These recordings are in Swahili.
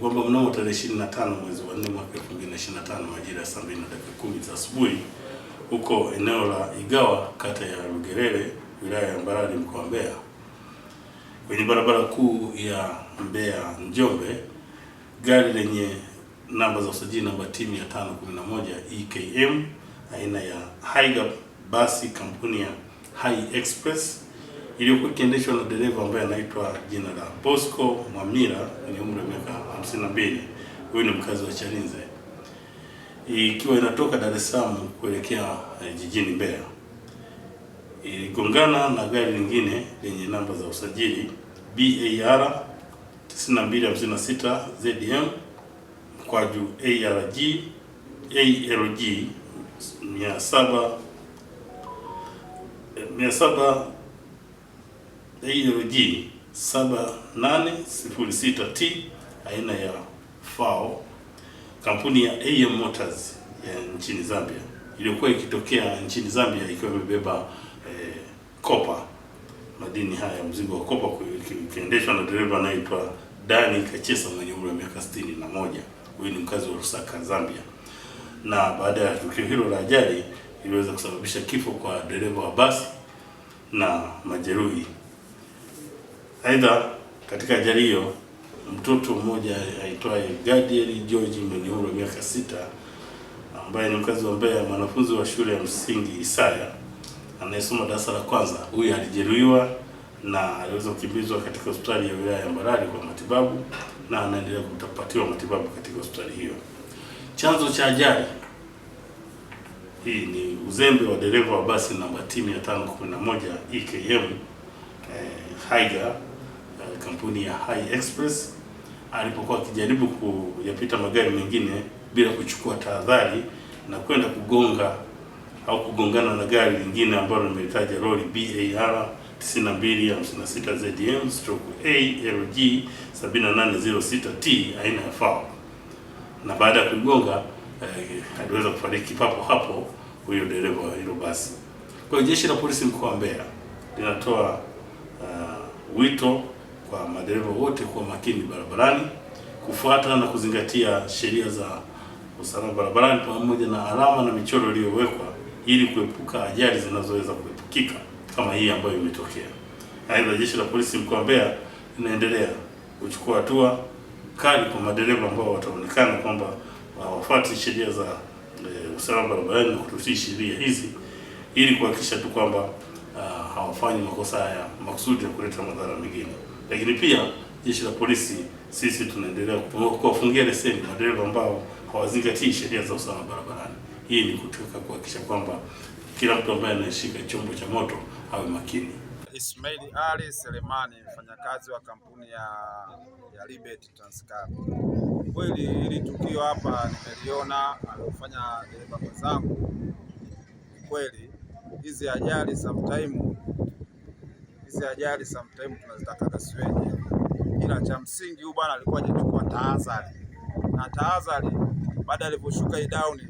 kwamba mnamo tarehe 25 mwezi wa 4 mwaka 2025 majira ya saa mbili na dakika kumi za asubuhi huko eneo la Igawa kata ya Lugerere wilaya ya Mbarali mkoa wa Mbeya kwenye barabara kuu ya Mbeya Njombe, gari lenye namba za usajili namba T 511 EKM aina ya Higer, basi kampuni ya High Express iliyokuwa ikiendeshwa na dereva ambaye anaitwa jina la Bosco Mwamira mwenye umri wa miaka 52, huyu ni mkazi wa Chalinze, ikiwa inatoka Dar es Salaam kuelekea eh, jijini Mbeya, iligongana na gari lingine lenye namba za usajili BAR 9256 ZM mkwaju ARG ALG 700 700 ALG 7806T aina ya FAO, kampuni ya AM Motors ya nchini Zambia iliyokuwa ikitokea nchini Zambia ikiwa imebeba eh, kopa madini haya, mzigo wa kopa ukiendeshwa na dereva anaitwa Dani Kachesa mwenye umri wa miaka moja. Huyu ni mkazi wa Lusaka, Zambia, na baada ya tukio hilo la ajali iliweza kusababisha kifo kwa dereva wa basi na majeruhi Aidha, katika ajali hiyo mtoto mmoja aitwaye Gadiel George mwenye umri wa miaka sita ambaye ni mkazi wa Mbeya, mwanafunzi wa shule ya msingi Isaya anayesoma darasa la kwanza, huyu alijeruhiwa na aliweza kukimbizwa katika hospitali ya wilaya ya Mbarali kwa matibabu na anaendelea kutapatiwa matibabu katika hospitali hiyo. Chanzo cha ajali hii ni uzembe wa dereva wa basi namba T 511 EKM eh, Haiger uh, kampuni ya High Express alipokuwa akijaribu kuyapita magari mengine bila kuchukua tahadhari na kwenda kugonga au kugongana na gari lingine ambalo limelitaja lori BAR 9256 ZM stroke ALG 7806T aina ya FAW, na baada ya kugonga eh, aliweza kufariki papo hapo huyo dereva wa hilo basi. Kwa hiyo jeshi la polisi mkoa wa Mbeya linatoa uh, wito kwa madereva wote kuwa makini barabarani, kufuata na kuzingatia sheria za usalama barabarani pamoja na alama na michoro iliyowekwa ili kuepuka ajali zinazoweza kuepukika kama hii ambayo imetokea. Aidha, jeshi la polisi mkoa wa Mbeya linaendelea kuchukua hatua kali kwa madereva ambao wataonekana kwamba hawafuati sheria za e, usalama barabarani na kututii sheria hizi ili kuhakikisha tu kwamba ah, hawafanyi makosa haya makusudi ya kuleta madhara mengine. Lakini pia jeshi la polisi sisi tunaendelea kuwafungia leseni madereva ambao hawazingatii sheria za usalama barabarani. Hii ni kutoka kuhakikisha kwamba kila mtu ambaye anashika chombo cha moto awe makini. Ismail Ali Selemani, mfanyakazi wa kampuni ya, ya Libet Transcar. Kweli hili tukio hapa nimeliona aliofanya dereva mwenzangu. Kweli hizi ajali sometimes hizi ajali sometime tunazitaka siweje, ila cha msingi huyu bwana alikuwa hajachukua tahadhari, na tahadhari baada alivyoshuka down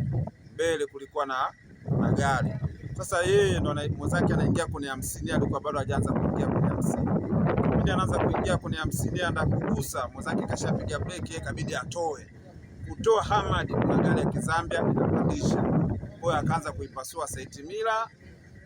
mbele kulikuwa na na gari Sasa yeye ndo mwenzake anaingia kwenye hamsini, alikuwa bado hajaanza kuingia kwenye hamsini. Kipindi anaanza kuingia kwenye hamsini kugusa mwenzake, kashapiga breki, yeye kabidi atoe. Kutoa Hamad, kuna gari ya Kizambia inapandisha, kwa hiyo akaanza kuipasua mila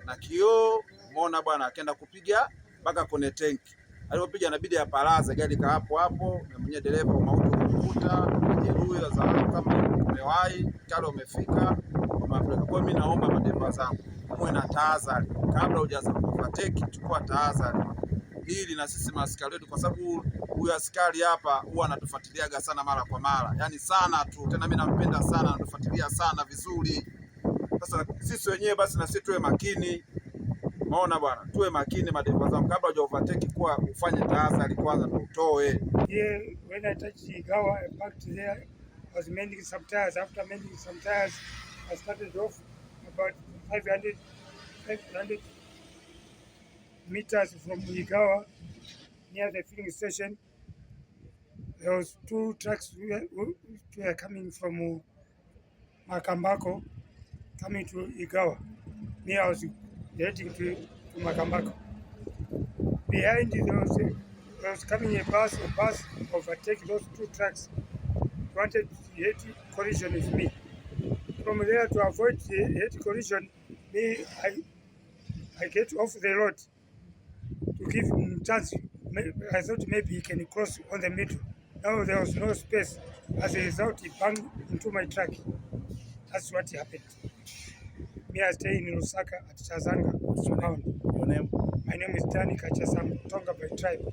na kioo, muona bwana akaenda kupiga mpaka kwenye tenki. Alipopiga inabidi bidi ya paraza gari ka hapo hapo, na mwenye dereva mauti kukuta jeruhi za kama umewahi talo umefika kwa Afrika. Kwa mimi naomba madereva zangu muwe na tahadhari kabla hujaanza kufa teki, chukua tahadhari hili na sisi maaskari wetu, kwa sababu huyu askari hapa huwa anatufuatiliaga sana mara kwa mara, yani sana tu tena, mimi nampenda sana, anatufuatilia sana vizuri. Sasa sisi wenyewe basi na sisi tuwe makini. Maona bwana, tuwe makini madereva zangu, kabla huja overtake kuwa ufanye tahadhari kwanza ndio utoe. Yeah, when I touch the car I parked there was mending some tires after mending some tires I started off about 500 500 meters from Igawa near the filling station there was two trucks which were coming from Makambako coming to Igawa Me, I was relating to, to Makambako. Behind those, was coming a bus, a bus overtake those two trucks wanted hit collision with me. From there to avoid the head collision, me I I get off the road to give him chance. I thought maybe he can cross on the middle. Now there was no space. As a result, he banged into my truck. That's what happened. May I stay in Lusaka at Chazanga, What's your name? Your name? My name is Danny Kachasam, Tonga by tribe.